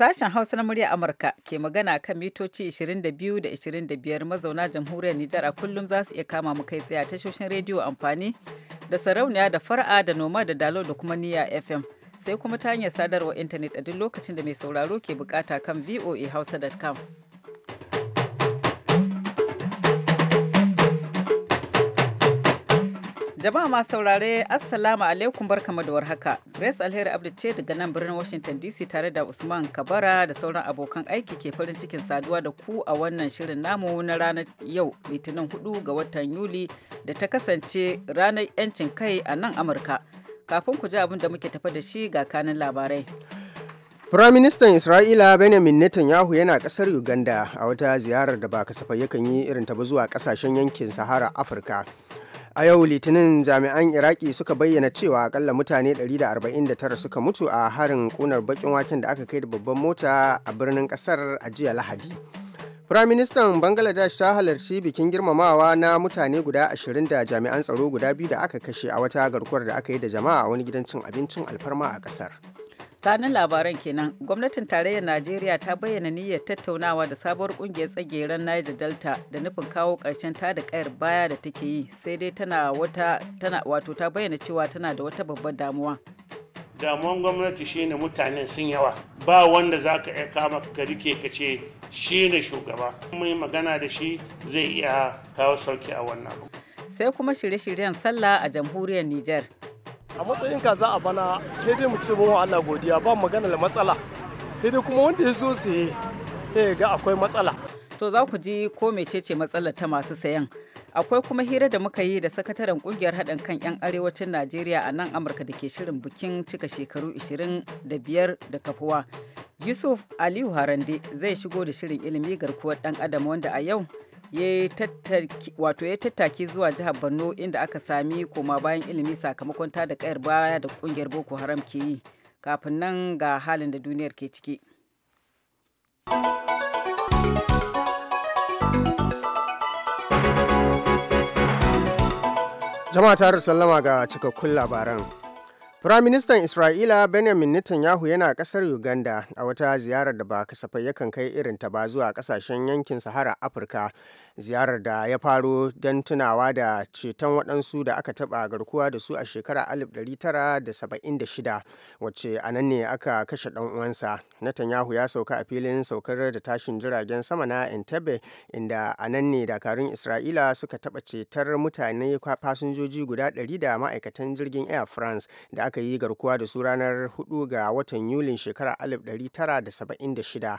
Sashen Hausa na murya Amurka ke magana kan mitoci 22 da 25 mazauna jamhuriyar Nijar a kullum za su iya kama mu kai tsaye a tashoshin rediyo amfani da sarauniya da fara da noma da dalo da kuma niya FM sai kuma ta hanyar sadarwa intanet a duk lokacin da mai sauraro ke bukata kan voahausa.com. Jama'a masu saurare Assalamu alaikum barkama da warhaka. Grace Alheri Abdu ce daga nan birnin Washington DC tare da Usman Kabara da sauran abokan aiki ke farin cikin saduwa da ku a wannan shirin namu na ranar yau Litinin hudu ga watan Yuli da ta kasance ranar 'yancin kai a nan Amurka. Kafin ku ji abin da muke tafa da shi ga kanin labarai. Firaministan Isra'ila Benjamin Netanyahu yana kasar Uganda a wata ziyarar da ba kasafai yakan yi irin ta zuwa kasashen yankin Sahara Afirka. a yau litinin jami'an iraki suka bayyana cewa akalla mutane 149 suka mutu a harin kunar bakin waken da aka kai da babban mota a birnin kasar a jiya lahadi Firaministan Bangladesh ta halarci bikin girmamawa na mutane guda ashirin da jami'an tsaro guda biyu da aka kashe a wata garkuwar da aka yi da jama'a a wani gidan cin abincin alfarma a kasar. kanin labaran kenan gwamnatin tarayyar najeriya ta bayyana niyyar tattaunawa da sabuwar kungiyar tsageren niger delta da nufin kawo karshen ta da kayar baya da take yi sai dai tana wata tana wato ta bayyana cewa tana da wata babbar damuwa damuwan gwamnati shine mutanen sun yawa ba wanda za ka iya kama ka rike ka ce shi ne shugaba mai magana da shi zai iya kawo sauki a wannan sai kuma shirye-shiryen sallah a jamhuriyar niger a matsayin kaza a bana hidin mu ci wa Allah godiya ba magana da matsala hidin kuma wanda ya so saye sai ga akwai matsala to za ku ji ko mecece matsalar ta masu sayan akwai kuma hira da muka yi da sakataren kungiyar haɗin kan 'yan arewacin najeriya a nan amurka da ke shirin bikin cika shekaru 25 da kafuwa yusuf aliyu harande zai shigo da shirin ilimi garkuwar ɗan adam wanda a yau ya tattaki zuwa jihar borno inda aka sami koma bayan ilimi sakamakon ta da kayar baya da kungiyar boko haram ke yi kafin nan ga halin da duniyar ke ciki jama'a tarar sallama ga cikakkun labaran Firaministan Isra'ila Benjamin Netanyahu yana ƙasar Uganda a wata ziyarar da ba kasafai yakan kai irin ta ba zuwa ƙasashen yankin Sahara Afirka ziyarar da ya faro don tunawa da ceton waɗansu da aka taɓa garkuwa da su a shekara 1976 wacce a nan ne aka kashe ɗan uwansa netanyahu ya sauka a filin saukar da tashin jiragen sama na entebbe inda a nan ne dakarun isra'ila suka taɓa cetar mutane fasinjoji guda 100 da ma'aikatan jirgin air france da aka yi garkuwa da su ranar 4 ga watan yulin shekara 1976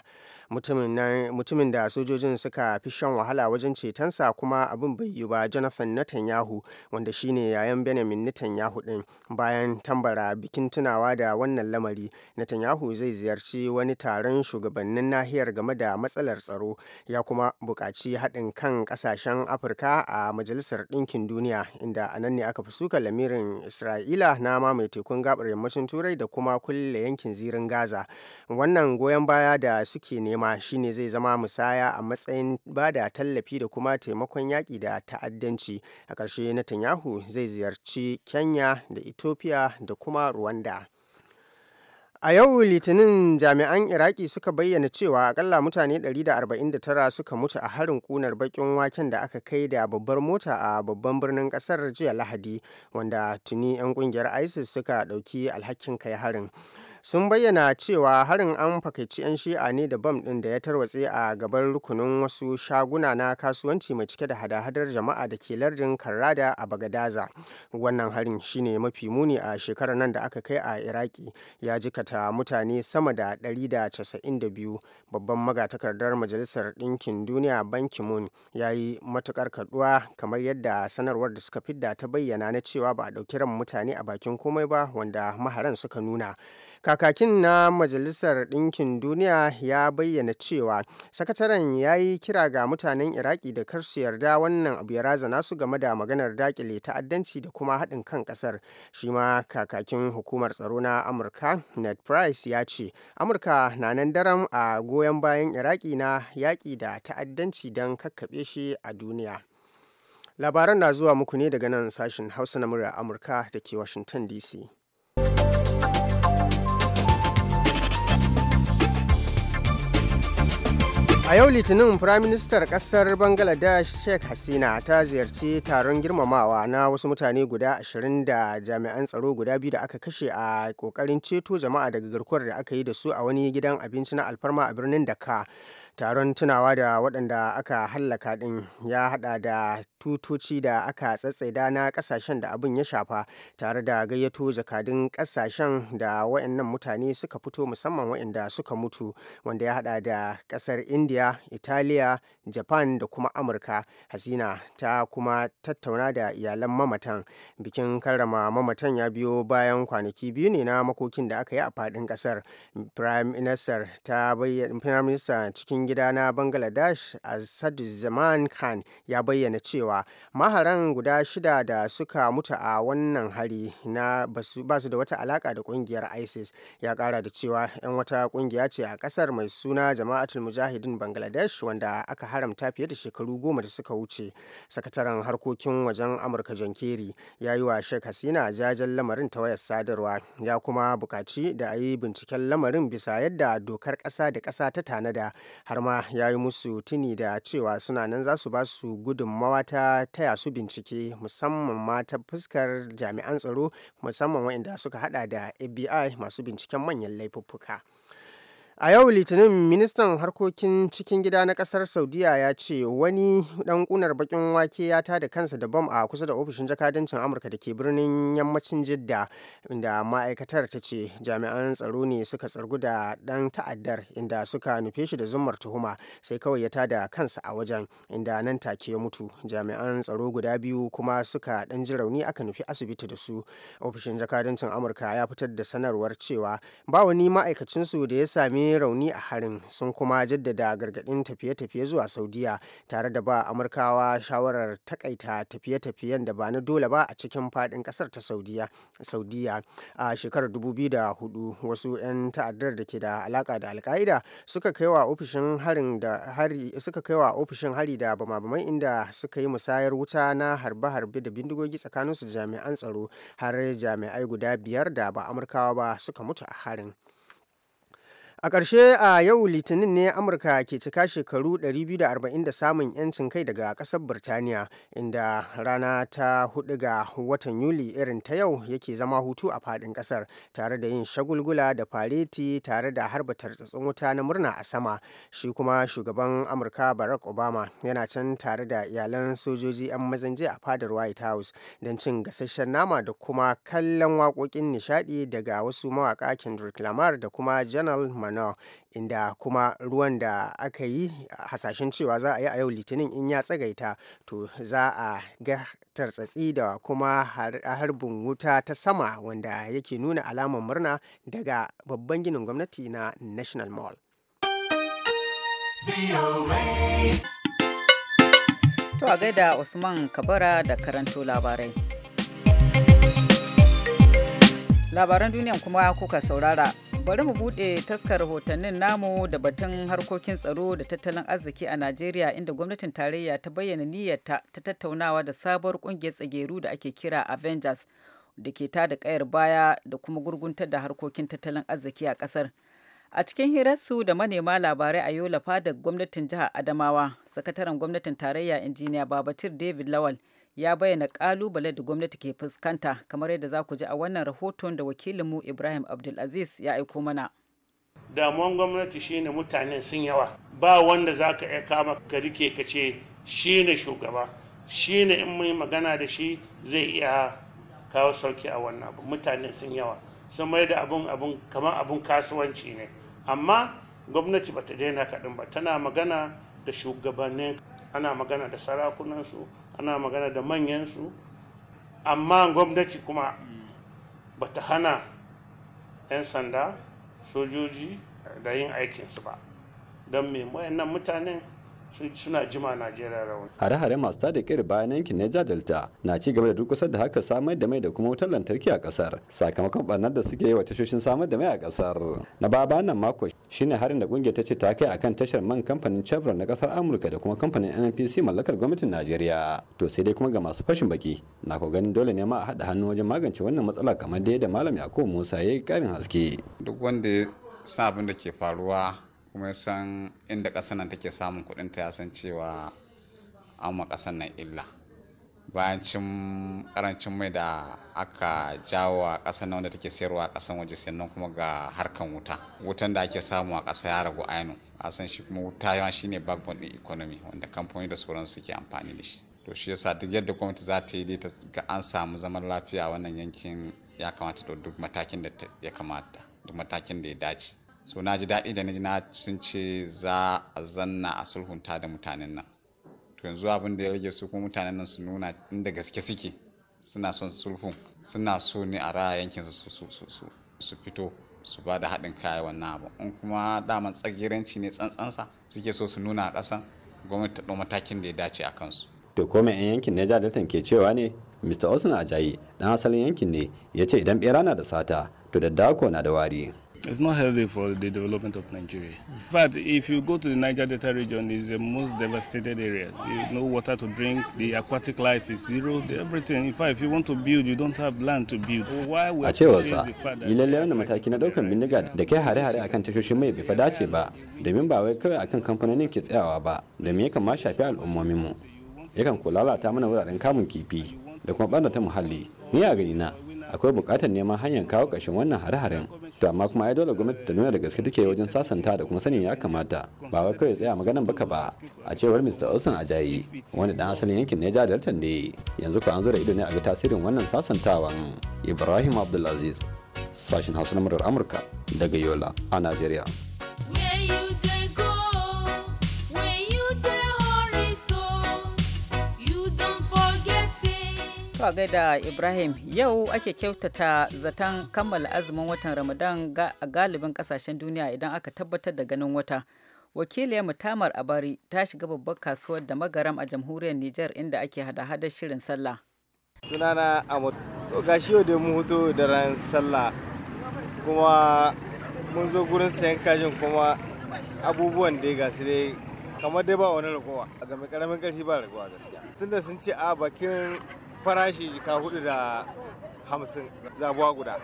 mutumin da sojojin suka fi shan wahala wajen cetonsa kuma abin bai yi ba jonathan netanyahu wanda shine yayan benjamin netanyahu din bayan tambara bikin tunawa da wannan lamari netanyahu zai ziyarci wani taron shugabannin nahiyar game da matsalar tsaro ya kuma bukaci haɗin kan ƙasashen afirka a majalisar ɗinkin duniya inda a nan ne aka fi suka lamirin isra'ila na mamaye tekun gabar yammacin turai da kuma kulle yankin zirin gaza wannan goyon baya da suke nema ma shine zai zama musaya a matsayin ba da tallafi da kuma taimakon yaƙi da ta'addanci a ƙarshe netanyahu zai ziyarci kenya da ethiopia da kuma rwanda A yau Litinin jami'an Iraki suka bayyana cewa akalla mutane 149 suka mutu a harin kunar bakin waken da aka kai da babbar mota a babban birnin kasar jiya Lahadi wanda tuni 'yan kungiyar ISIS suka dauki alhakin kai harin. sun bayyana cewa harin an fakaici 'yan shi'a ne da bam ɗin da ya tarwatse a gaban rukunin wasu shaguna na kasuwanci mai cike da hada-hadar jama'a da ke lardin karrada a bagadaza wannan harin shine mafi muni a shekarar nan da aka kai a iraki ya jikata mutane sama da 192 babban magatakardar majalisar ɗinkin duniya ban moon ya yi matukar kaduwa kamar yadda sanarwar da suka fidda ta bayyana na cewa ba a ɗauki ran mutane a bakin komai ba wanda maharan suka nuna kakakin na majalisar ɗinkin duniya ya bayyana cewa sakataren ya yi kira ga mutanen iraki da kar su yarda wannan abu ya razana su game da maganar dakile ta'addanci da kuma haɗin kan ƙasar shi ma kakakin hukumar tsaro na amurka ned price ya ce amurka na nan daren a goyon bayan iraki na yaƙi da ta'addanci don kakkaɓe shi a duniya labaran na zuwa muku ne daga nan sashen hausa na murya amurka da ke washington dc A yau Litinin Firaministar ƙasar Bangladesh Sheikh Hasina ta ziyarci taron girmamawa na wasu mutane guda 20 da jami'an tsaro guda biyu da aka kashe a ƙoƙarin ceto jama'a daga garkuwar da aka yi da su a wani gidan abinci na alfarma a birnin Dhaka. taron tunawa da waɗanda aka hallaka ɗin ya haɗa da tutoci da aka tsatsaida na kasashen da abin ya shafa tare da gayyato jakadun kasashen da wayannan mutane suka fito musamman wayanda suka mutu wanda ya hada da kasar india italiya japan da kuma amurka hasina ta kuma tattauna da iyalan mamatan bikin karrama mamatan ya biyo bayan kwanaki biyu ne na makokin da aka yi a fadin kasar prime minister ta bayyana cikin gida na bangladesh azad zaman khan ya bayyana cewa cewa maharan guda shida da suka mutu a wannan hari na ba su da wata alaka da kungiyar isis ya kara da cewa 'yan wata kungiya ce a kasar mai suna jama'atul mujahidin bangladesh wanda aka haramta fiye da shekaru goma da suka wuce sakataren harkokin wajen amurka john kerry ya yi wa sheikh hasina jajen lamarin ta wayar sadarwa ya kuma bukaci da a yi binciken lamarin bisa yadda dokar ƙasa da ƙasa ta tanada har ma ya yi musu tuni da cewa suna nan za su ba su gudunmawa ta ta taya su bincike musamman ma ta fuskar jami'an tsaro musamman waɗanda suka hada da fbi masu binciken manyan laifuffuka A yau Litinin ministan harkokin cikin gida na kasar Saudiya ya ce wani dan kunar bakin wake ya tada kansa da bom a kusa da ofishin jakadancin Amurka da ke birnin yammacin Jidda inda ma'aikatar ta ce jami'an tsaro ne suka tsargu da dan ta'addar inda suka nufe shi da zumar tuhuma sai kawai ya tada kansa a wajen inda nan take ya mutu jami'an tsaro guda biyu kuma suka dan ji rauni aka nufi asibiti da su ofishin jakadancin Amurka ya fitar da sanarwar cewa ba wani ma'aikacinsu da ya sami yi rauni a harin sun kuma jaddada gargadin tafiye-tafiye zuwa saudiya tare da ba amurkawa shawarar takaita tafiye-tafiyen da ba na dole ba a cikin fadin kasar ta saudiya a shekarar 2004 wasu 'yan ta'addar da ke da alaka da alka'ida suka kai wa ofishin hari da bama inda suka yi musayar wuta na harbe-harbe da bindigogi tsakaninsu jami'an tsaro har jami'ai guda biyar da ba amurkawa ba suka mutu a harin A ƙarshe a yau Litinin ne Amurka ke cika shekaru 240 da samun 'yancin kai daga ƙasar Birtaniya inda rana ta hudu ga watan Yuli irin ta yau yake zama hutu a faɗin ƙasar tare da yin shagulgula da fareti tare da harba tartsatsin wuta na murna a sama. Shi kuma shugaban Amurka Barack Obama yana can tare da iyalan sojoji 'yan mazanje a fadar White House don cin gasasshen nama da kuma kallon waƙoƙin nishaɗi daga wasu mawaƙa Kendrick Lamar da kuma man. lebanon inda kuma ruwan da aka yi hasashen cewa za a yi a yau litinin in ya tsagaita to za a ga tartsatsi da kuma harbin wuta ta sama wanda yake nuna alamar murna daga babban ginin gwamnati na national mall To a gaida Usman Kabara da karanto labarai. Labaran duniyan kuma kuka saurara bari mu buɗe taskar rahotannin namu da batun harkokin tsaro da tattalin arziki a najeriya inda gwamnatin tarayya ta bayyana niyyarta ta tattaunawa da sabuwar ƙungiyar tsageru da ake kira avengers da ke da kayar baya da kuma gurguntar da harkokin tattalin arziki a kasar. a cikin hirarsu da manema labarai a yola fadar gwamnatin jihar adamawa sakataren gwamnatin tarayya injiniya babatir david lawal ya bayyana kalubale da gwamnati ke fuskanta kamar yadda za ku ji a wannan rahoton da wakilinmu ibrahim abdulaziz ya aiko mana damuwan gwamnati shine mutanen sun yawa ba wanda za ka iya kama ka rike ka ce shine shugaba shine in mun magana da shi zai iya kawo sauki a wannan abu mutane sun yawa sun mai da abun abun kamar abun kasuwanci ne amma gwamnati bata daina kaɗin ba tana magana da shugabannin ana magana da sarakunansu ana magana da manyansu amma gwamnati kuma ba ta hana 'yan sanda sojoji da yin aikinsu ba don me wayannan mutanen suna jima najeriya rauni hare-hare masu tada kiri bayan yankin niger delta na ci gaba da durkusar da haka samar da mai da kuma wutar lantarki a kasar sakamakon barnar da suke yi wa tashoshin samar da mai a kasar na baba nan mako shine harin da kungiyar ta ce ta kai akan tashar man kamfanin chevron na kasar amurka da kuma kamfanin nnpc mallakar gwamnatin najeriya to sai dai kuma ga masu fashin baki na ko ganin dole ne ma a haɗa hannu wajen magance wannan matsala kamar da yadda malam yakubu musa ya yi ƙarin haske duk wanda ya sa abin da ke faruwa kuma ya san inda ƙasar nan take samun kuɗinta ya san cewa an ma ƙasar nan illa bayan cin ƙarancin mai da aka jawo a ƙasar nan wanda take sayarwa a ƙasar waje sannan kuma ga harkan wuta wutan da ake samu a ƙasa ya ragu ainu a san shi kuma wuta yawa shine backbone ɗin economy wanda kamfani da sauran suke amfani da shi to shi yasa duk yadda gwamnati za ta yi dai ga an samu zaman lafiya a wannan yankin ya kamata da duk matakin da ya kamata duk matakin da ya dace so na ji daɗi da na sun ce za a zanna a sulhunta da mutanen nan to yanzu abin da ya rage su kuma mutanen nan su nuna inda gaske suke suna son sulhun suna so ne a raya yankin su su fito su ba da haɗin kaya wannan abu in kuma daman tsagiranci ne tsantsansa suke so su nuna a ƙasan gwamnati ta ɗau matakin da ya dace a kansu to kome 'yan yankin Niger datan ke cewa ne Mr. osun Ajayi dan asalin yankin ne ya ce idan bera na da sata to da dako na da wari It's not healthy for the development of Nigeria. Mm. But if you go to the Niger Delta region, it's the most devastated area. You no water to drink, the aquatic life is zero, everything. In fact, if you want to build, you don't have land to build. Why we a cewarsa, yi lallai wannan mataki na daukan bindiga da kai hare-hare akan tashoshin mai bai fada ce ba, domin ba wai kawai akan kamfanonin ke tsayawa ba, domin yakan ma shafi al'ummominmu. Yakan ko lalata mana wuraren kamun kifi da kuma ɓarnata muhalli. Ni a gani na akwai buƙatar neman hanyar kawo ƙarshen wannan hare-haren. to amma kuma ai dole gwamnati ta nuna da gaske take wajen sasanta da kuma sanin ya kamata ba wai kawai tsaya maganan baka ba a cewar Mr. Olson Ajayi wani dan asalin yankin ne ja Delta ne yanzu ka an zo da ido ne a ga tasirin wannan sasantawan Ibrahim Abdulaziz sashin Hausa na Amurka daga Yola a Najeriya. To gaida Ibrahim yau ake kyautata zaton kammala azumin watan Ramadan a galibin kasashen duniya idan aka tabbatar da ganin wata. Wakiliyar Mutamar Abari ta shiga babbar kasuwar da magaram a jamhuriyar Nijar inda ake hada-hadar shirin sallah. Sunana Ahmad to gashi yau da mu hutu da ran sallah kuma mun zo gurin sayan kajin kuma abubuwan da ga su dai kamar dai ba wani ragowa a game karamin karfi ba ragowa gaskiya tunda sun ce a bakin farashi jika hudu da hamsin zabuwa guda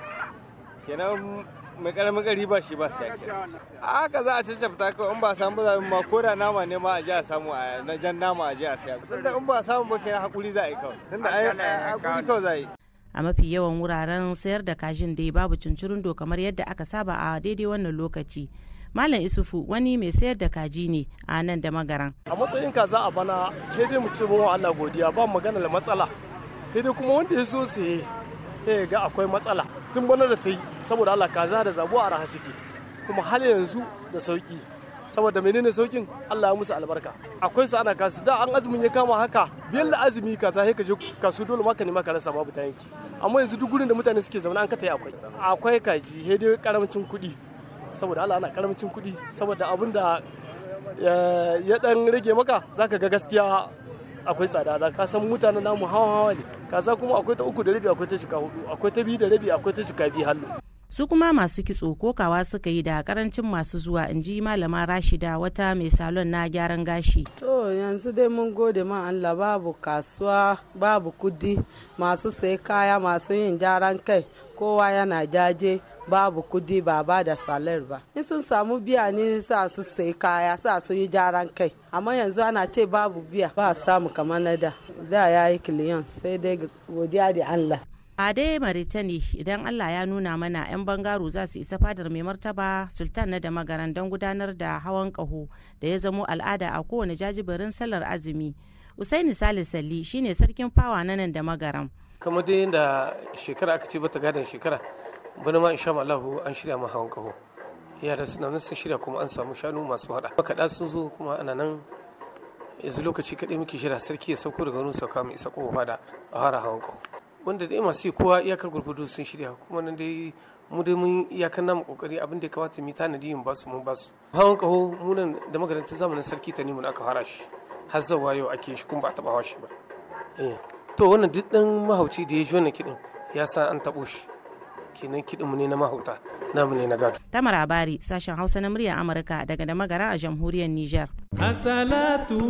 kenan mai karamin gari ba shi ba sai kenan a haka za a caccafta kawai in ba samu zabi ma ko da nama ne ma a ji a samu a na jan nama a ji a saya tunda in ba samu ba kenan hakuri za a yi kawai tunda hakuri kawai za a yi a mafi yawan wuraren sayar da kashin dai babu do kamar yadda aka saba a daidai wannan lokaci malam isufu wani mai sayar da kaji ne a nan da magaran a matsayin kaza a bana ke dai mu ci wa Allah godiya ba magana da matsala sai kuma wanda ya so saye ya ga akwai matsala tun bana da ta yi saboda Allah za da zabu a raha suke kuma hal yanzu da sauki saboda menene saukin Allah ya musu albarka akwai su ana kasu da an azumin ya kama haka biyan da azumi ka ta ka je kasu dole maka ne maka rasa babu ta yanki amma yanzu duk gurin da mutane suke zaune an ka tayi akwai akwai kaji he dai karamcin kuɗi saboda Allah ana karamcin kuɗi saboda abin da eh, ya dan rage maka zaka ga gaskiya akwai tsada za ka san mutanen namu hawa hawa ne kasa kuma akwai ta uku da rabi akwai ta jika hudu akwai ta biyu da rabi akwai ta jika biyu hannu su kuma masu kitso kokawa suka yi da karancin masu zuwa in ji malama rashida wata mai salon na gyaran gashi to yanzu dai mun gode ma allah babu kasuwa babu kudi masu sai kaya masu yin gyaran kai kowa yana jaje babu kudi ba ba da salar ba in sun samu biya ne sa su sai kaya sa su yi jaran kai amma yanzu ana ce babu biya ba samu kamar na da da ya yi kiliyan sai dai godiya da allah a dai maritani idan allah ya nuna mana 'yan bangaro za su isa fadar mai martaba sultan na da magaran don gudanar da hawan kaho da ya zamo al'ada a kowane jajibirin sallar azumi usaini salisali shine sarkin fawa na nan da magaram kamar dai da shekara aka ce bata gadon shekara Bani ma in sha Allah an shirya ma hawan kaho yara suna nan sun shirya kuma an samu shanu masu hada makaɗa sun zo kuma ana nan yanzu lokaci kaɗai muke shirya sarki ya sauko daga wurin sauka mai isa kofa da a hara hawan kaho wanda dai masu yi kowa iyakar gurgudu sun shirya kuma nan dai mu dai mun iyakar namu kokari abin da ya kamata mu tanadi yin basu mun basu hawan kaho mu nan da magarantar zamanin sarki ta nemi aka fara shi har zawa yau ake shi kuma ba a taɓa hawa shi ba eh. to wannan duk ɗan mahauci da ya ji wannan kiɗin ya san an taɓo shi kenan kiɗinmu ne na mahauta namu ne na gado. Tamar Abari sashen Hausa na muryar Amurka daga da magara a jamhuriyar Nijar. Asalatu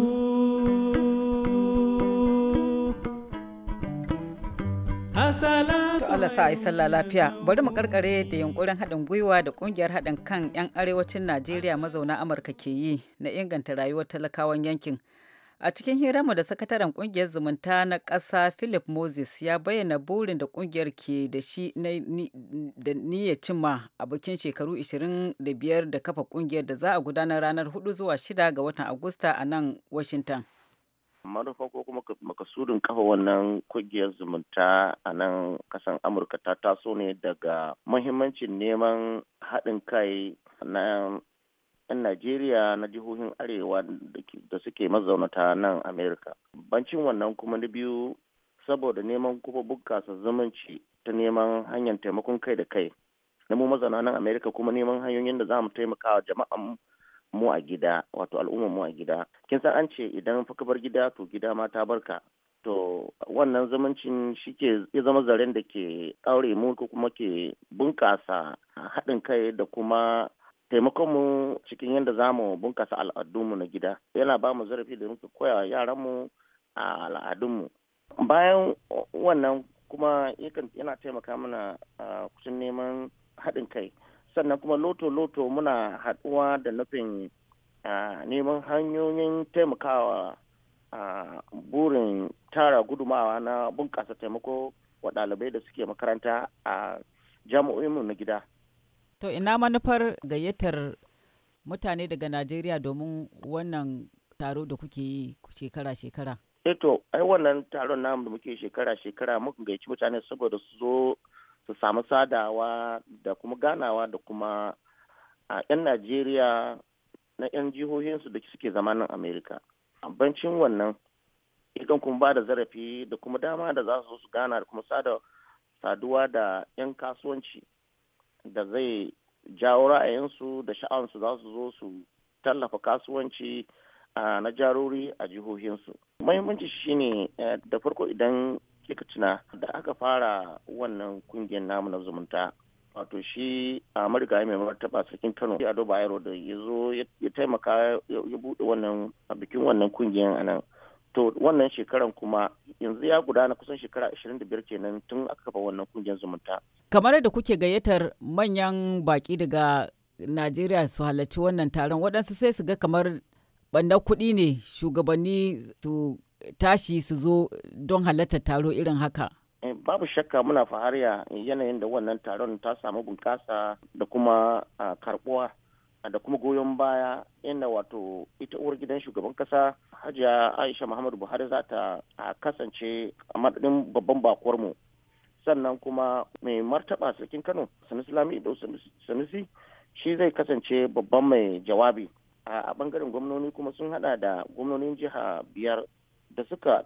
Asalatu Allah sa ai sallah lafiya bari mu karkare da yunkurin haɗin gwiwa da ƙungiyar haɗin kan 'yan arewacin Najeriya mazauna Amurka ke yi na inganta rayuwar talakawan yankin. A cikin hiranmu da sakataren kungiyar zumunta na ƙasa Philip Moses ya bayyana burin da kungiyar ke da shi da niyya cimma a bikin shekaru 25 da kafa kungiyar da za a gudanar ranar 4 zuwa 6 ga watan Agusta a nan Washington. manufa ko kuma makasudin kafa wannan kungiyar zumunta a nan kasan amurka ta taso ne daga muhimmancin neman haɗin kai na 'yan Najeriya na jihohin Arewa da suke mazaunata nan Amerika. Bancin wannan kuma na biyu saboda neman kuma bunƙasa zumunci ta neman hanyar taimakon kai da kai. Na mu mazauna nan Amerika kuma neman hanyoyin da za mu taimaka wa jama'an mu a gida wato al'ummar mu a gida. Kin san an ce idan fa bar gida to gida ma ta barka. To wannan zumuncin shi ke ya zama zaren da ke aure mu ko kuma ke bunƙasa haɗin kai da kuma taimakonmu cikin yadda za mu bunkasa al'adunmu na gida yana ba mu zarafi da muke koya yaranmu a al'adunmu bayan wannan kuma yana taimaka mana kusan neman haɗin kai sannan kuma loto-loto muna haɗuwa da nufin neman hanyoyin taimakawa a burin tara gudumawa na bunkasa taimako wa ɗalibai da suke makaranta a jami'o'inmu na gida To ina manufar gayyatar mutane daga Najeriya domin wannan taro da kuke yi shekara-shekara? Eto, eh ai wannan taron namu da muke shekara-shekara muka gayyaci mutane saboda su zo su samu sadawa da kuma ganawa da kuma a 'yan Najeriya na 'yan jihohinsu da suke zama nan Amerika. Abincin wannan, idan kuma ba da zarafi da kuma dama da za su su gana da kuma saduwa da 'yan kasuwanci. da zai jawo ra'ayinsu da sha'ansu za su zo su tallafa kasuwanci na jarori a jihohinsu. Muhimmanci shine da farko idan kika tuna da aka fara wannan kungiyar namu na zumunta wato shi a marigayi mai martaba sarkin kano ya doba da ya zo ya taimaka ya buɗe wannan bikin wannan kungiyar anan. to wannan shekaran kuma yanzu ya gudana kusan shekara 25 kenan tun aka kafa wannan kungiyar zumunta kamar da kuke gayyatar manyan baki daga najeriya su halarci wannan taron waɗansu sai su ga kamar ɓannar kuɗi ne shugabanni su tashi su zo don halartar taro irin haka eh, babu shakka muna fahariya yanayin da wannan taron ta samu bunƙasa da kuma ah, karɓuwa da kuma goyon baya inda wato ita uwar gidan shugaban kasa hajiya aisha muhammadu buhari za ta kasance a madadin babban bakuwarmu sannan kuma mai martaba sarkin kano sanusi da sanusi shi zai kasance babban mai jawabi a bangaren gwamnoni kuma sun hada da gwamnonin jiha biyar da suka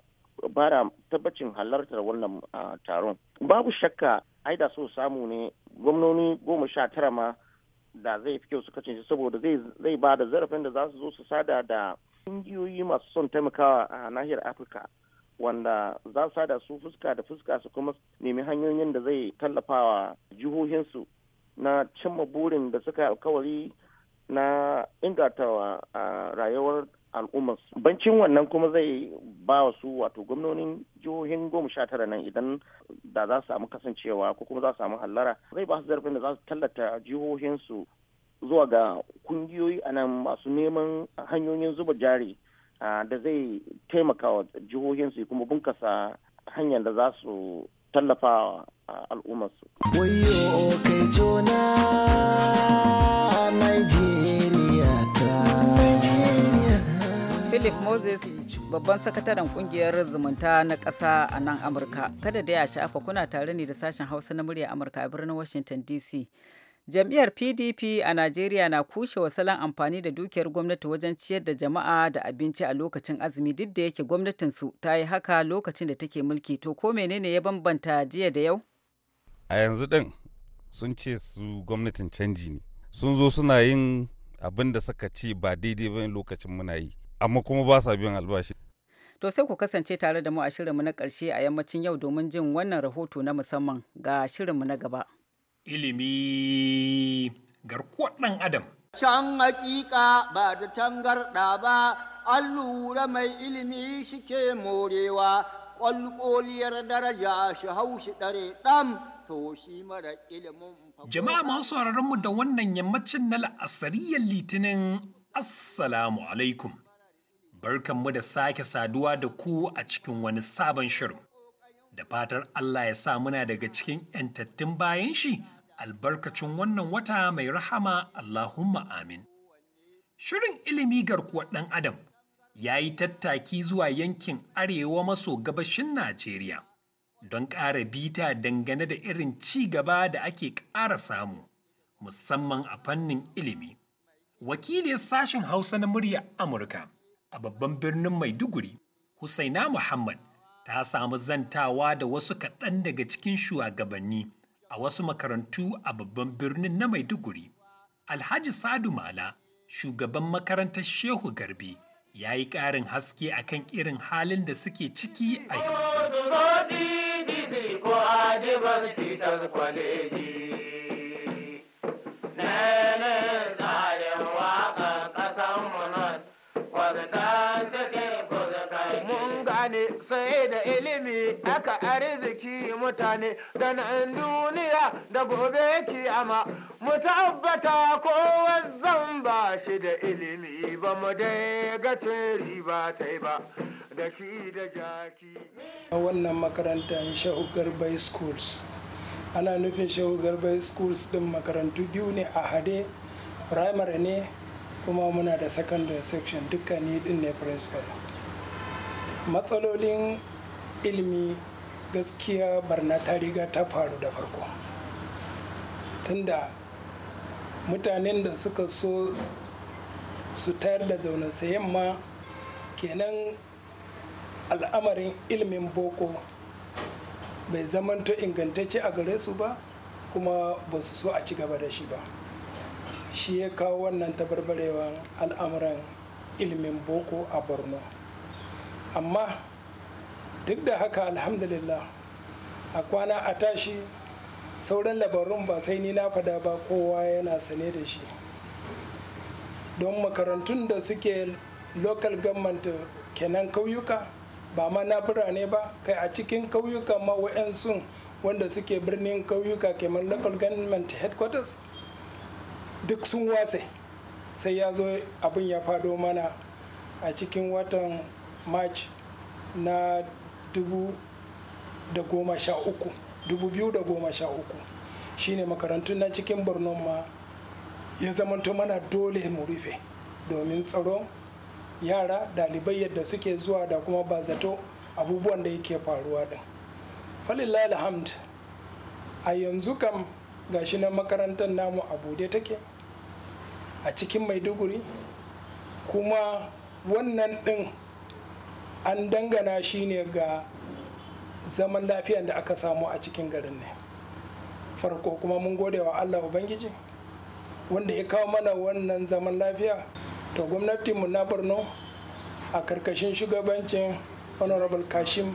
bara tabbacin halartar wannan taron babu shakka aida so samu ne gwamnoni goma sha tara ma da zai fi kyau su kasance saboda zai ba da zarafin da za su zo su sada da ƙungiyoyi masu son taimakawa a nahiyar afirka wanda za su sada su fuska da fuska su kuma nemi hanyoyin da zai tallafawa jihohinsu na cimma burin da suka alkawari na inganta rayuwar al'ummar bancin wannan kuma zai ba wa su wato gwamnonin jihohin goma sha tara nan idan da za su samu kasancewa ko kuma za su samu hallara zai ba su zarafin da za su tallata jihohinsu zuwa ga kungiyoyi a nan masu neman hanyoyin zuba jari da zai taimaka wa jihohinsu kuma bunkasa hanyar da za su tallafa al'ummarsu. Wayo kai philip moses babban sakataren kungiyar zumunta na ƙasa a nan amurka kada da ya shafa kuna tare ne da sashen hausa na murya amurka a birnin washington dc jam'iyyar pdp a najeriya na kushe salon amfani da dukiyar gwamnati wajen ciyar da jama'a da abinci a lokacin azumi duk da yake gwamnatinsu ta yi haka lokacin da take mulki to ko menene ya bambanta jiya da yau a yanzu din sun ce su gwamnatin canji ne sun zo suna yin abin da suka ce ba daidai ba lokacin muna yi amma kuma ba sa biyan albashi To sai ku kasance tare da mu a shirinmu na ƙarshe a yammacin yau domin jin wannan rahoto na musamman ga shirinmu na gaba. Ilimi garkuwar ɗan Adam. Can hakika ba da tangarɗa ba, an lura mai ilimi shi ke morewa, ƙwalƙoliyar daraja shi hau shi ɗare ɗam, to shi mara ilimin Jama'a masu mu da wannan yammacin na la'asariyar litinin, Assalamu alaikum. mu da sake saduwa da ku a cikin wani sabon shirin. Da fatar Allah ya sa muna daga cikin ‘yantattun bayan shi albarkacin wannan wata mai rahama Allahumma amin. Shirin ilimi garkuwar ɗan Adam ya yi tattaki zuwa yankin arewa maso gabashin Najeriya don ƙara bita dangane da irin ci gaba da ake ƙara samu, musamman a fannin ilimi. wakiliyar sashen Hausa na murya Amurka, a babban birnin Maiduguri, Husaina Muhammad ta samu zantawa da wasu kaɗan daga cikin shugabanni a wasu makarantu a babban birnin na Maiduguri. Alhaji Sadu Mala, shugaban makarantar Shehu Garbi, ya yi ƙarin haske a kan irin halin da suke ciki a yanzu. mutane da an duniya da gobe amma mu tabbata ko wazzan ba shi da ilimi ba mu dai ga riba ta ba da shi da jaki a wannan makaranta sha'u garbai schools ana nufin sha'u garbai schools din makarantu biyu ne a hade primary ne kuma muna da secondary section dukkan ne din ne principal matsalolin ilimi gaskiya barna ta riga ta faru da farko tunda mutanen da suka so su tayar da zaunin yamma kenan al'amarin ilimin boko bai zamanto ingantacce a gare su ba kuma ba su so a ci gaba da shi ba shi ya kawo wannan tabarbarewan al'amuran ilimin boko a borno amma duk da haka alhamdulillah a kwana a tashi sauran labarun ba sai ni na fada ba kowa yana sane da shi don makarantun da suke local government kenan kauyuka ba ma na birane ba kai a cikin kauyuka ma wa'yansu wanda suke birnin kauyuka kamar local government headquarters duk sun watse sai ya zo abin ya fado mana a cikin watan march na 2013 shine makarantun na cikin borno ma ya zamanto mana dole mu rufe domin tsaro yara dalibai yadda suke zuwa da kuma ba zato abubuwan da yake faruwa din falillah alhamd a yanzu kam gashi na makarantar namu a bude take a cikin maiduguri kuma wannan din an dangana shi ne ga zaman lafiyan da aka samu a cikin garin ne farko kuma mun gode wa allah ubangiji wanda ya kawo mana wannan zaman lafiya to gwamnatinmu na borno a karkashin shugabancin honorable kashim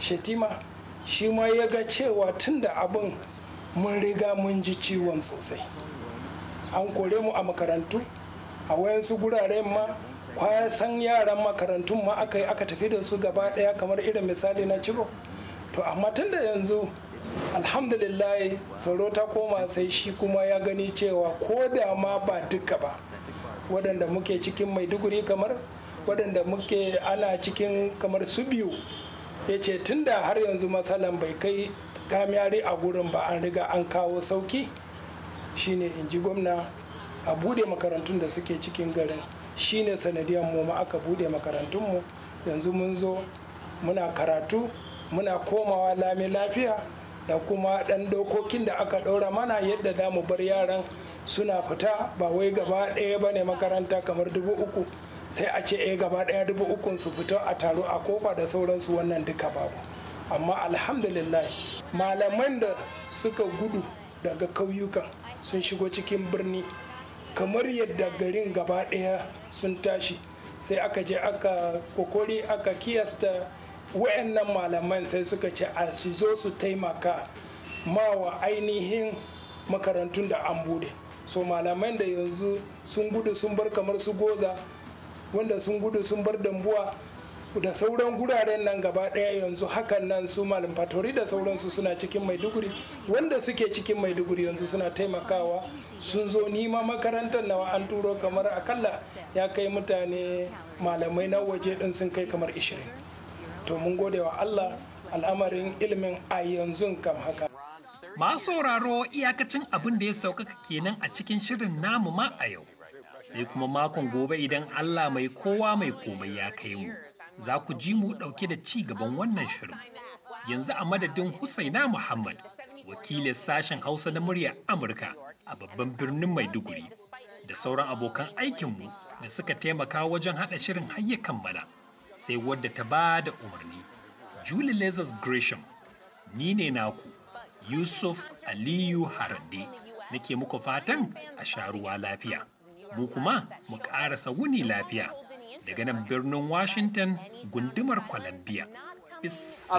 shetima shi ma ya ga cewa tun da abin mun riga mun ji ciwon sosai an kore mu a makarantu a wayansu guraren ma kwasan yaran makarantun ma aka yi aka tafi da su gaba daya kamar irin misali na ciro to amma tun da yanzu alhamdulillah tsaro ta koma sai shi kuma ya gani cewa ko da ma ba duka ba waɗanda muke cikin maiduguri kamar waɗanda muke ana cikin kamar su biyu ya ce tun da har yanzu matsalan bai kai kamyari a gurin ba an riga an kawo sauki shine in ji gwamna a bude makarantun da suke cikin garin shine sanadiyar mu ma aka bude makarantunmu yanzu mun zo muna karatu muna komawa lami lafiya da kuma ɗan dokokin da aka ɗora mana yadda za mu bar yaran suna fita ba wai gaba ɗaya bane makaranta kamar dubu uku sai a ce eh gaba ɗaya dubu uku su fita a taro a kofa da sauransu wannan duka babu amma alhamdulillah malaman da suka gudu daga kauyukan sun shigo cikin birni kamar yadda garin gaba ɗaya sun tashi sai aka je aka kokori aka kiyasta wayannan malaman sai suka ce a su zo su taimaka mawa ainihin makarantun da an bude so malaman da yanzu sun gudu sun bar kamar su goza wanda sun gudu sun bar dambuwa da sauran guraren nan gaba daya yanzu hakan nan su malam fatori da sauransu suna cikin maiduguri wanda suke cikin maiduguri yanzu suna taimakawa sun zo nima makarantar nawa an turo kamar akalla ya kai mutane malamai na waje din sun kai kamar 20 to mun gode wa allah al'amarin ilimin a yanzu kam haka masu sauraro iyakacin abin da ya saukaka kenan a cikin shirin namu ma a yau sai kuma makon gobe idan allah mai kowa mai komai ya kai mu za ku ji mu ɗauke da ci gaban wannan shirin. Yanzu a madadin Husaina Muhammad, wakilin sashen Hausa na murya Amurka a babban birnin Maiduguri, da sauran abokan aikinmu da suka taimaka wajen haɗa shirin hayya kammala, sai wadda ta ba da umarni. Julie Lazarus Gresham, ni ne naku, Yusuf Aliyu Harande, nake muku fatan a sha ruwa lafiya. Mu kuma mu ƙara sawuni lafiya. daga nan birnin Washington gundumar Columbia. A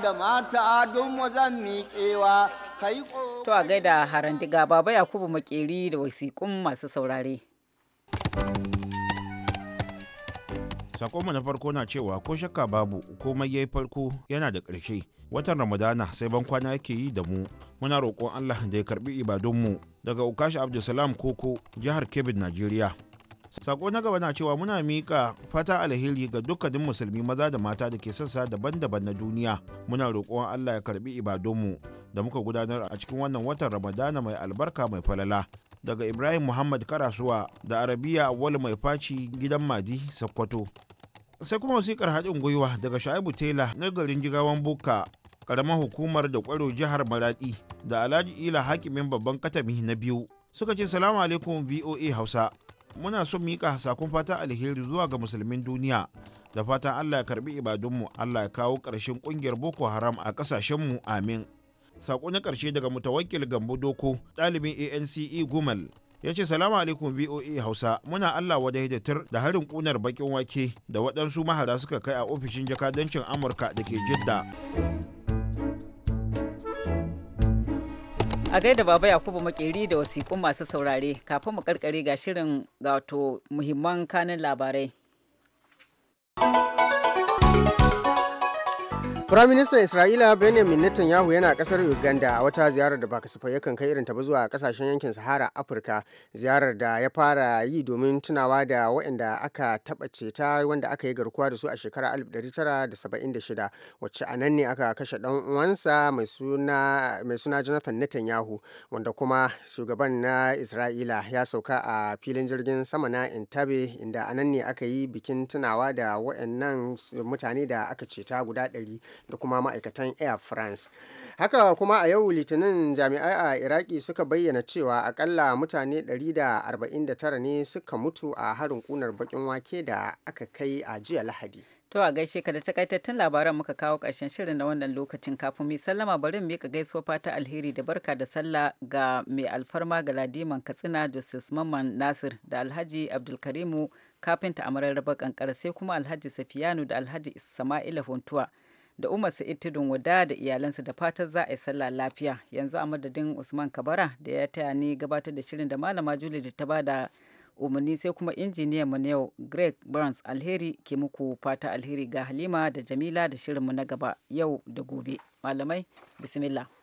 da mata don zan miƙewa To a gaida harandiga baba Yakubu makeri da wasiƙun masu saurare. sakonmu na farko na cewa ko shakka babu komai yayi farko yana da ƙarshe watan ramadana sai ban kwana yake yi da mu muna roƙon allah da ya karbi ibadunmu daga ukashi abdulsalam koko jihar kebbi najeriya sako na gaba na cewa muna mika fata alheri ga dukkanin musulmi maza da mata da ke sassa daban-daban na duniya muna roƙon allah ya karbi ibadunmu da muka gudanar a cikin wannan watan ramadana mai albarka mai falala daga ibrahim muhammad karasuwa da arabiya wal mai faci gidan madi sakkwato sai kuma wasikar haɗin gwiwa daga sha'ibu tela na garin jigawan buka karamar hukumar da kwaro jihar maraɗi da alhaji ila hakimin babban katami na biyu suka ce salamu alaikum voa hausa muna son miƙa sakon fata alheri zuwa ga musulmin duniya da fatan allah ya karbi ibadunmu allah ya kawo ƙarshen ƙungiyar boko haram a ƙasashenmu amin sako na ƙarshe daga mutawakkil gambo doko ɗalibin ance gumal ya ce salamu alaikum voa hausa muna allah wada da da harin kunar bakin wake da waɗansu mahara suka kai a ofishin jakadancin amurka da ke jidda a gaida baba yakubu makeri da wasiƙun masu saurare kafin mu karkare ga shirin gato muhimman kanin labarai Firaministan Isra'ila Benjamin Netanyahu yana kasar Uganda a wata ziyarar da ba kasafai yakan kai irin ba zuwa kasashen yankin Sahara Afirka ziyarar da ya fara yi domin tunawa da waɗanda aka taɓa ceta wanda aka yi garkuwa da su a shekara 1976 wacce a nan ne aka kashe ɗan uwansa mai suna Jonathan Netanyahu wanda kuma shugaban na Isra'ila ya sauka a filin jirgin sama na Entebbe inda a nan ne aka yi bikin tunawa da waɗannan mutane da aka ceta guda ɗari da kuma ma'aikatan air france haka kuma a yau litinin jami'ai a iraki suka bayyana cewa akalla mutane 149 ne suka mutu a harin kunar bakin wake da aka kai a jiya lahadi To a gaishe ka da takaitattun labaran muka kawo ƙarshen shirin na wannan lokacin kafin mai sallama bari ka gaisuwa fata alheri da barka da sallah ga mai alfarma ga ladiman katsina da Mamman Nasir da Alhaji Abdulkarimu kafinta a mararraba kankara sai kuma Alhaji Safiyanu da Alhaji isma'ila Hontuwa. da Umar Sa'id Tudun Wada da iyalansa da fatan za a yi sallah lafiya. Yanzu a madadin Usman Kabara da ya taya ni gabatar da shirin da Malama juli da ta ba da umarni sai kuma injiniyan mu na yau Greg Burns Alheri ke muku fata alheri ga Halima da Jamila da shirin mu na gaba yau da gobe. Malamai, bismillah.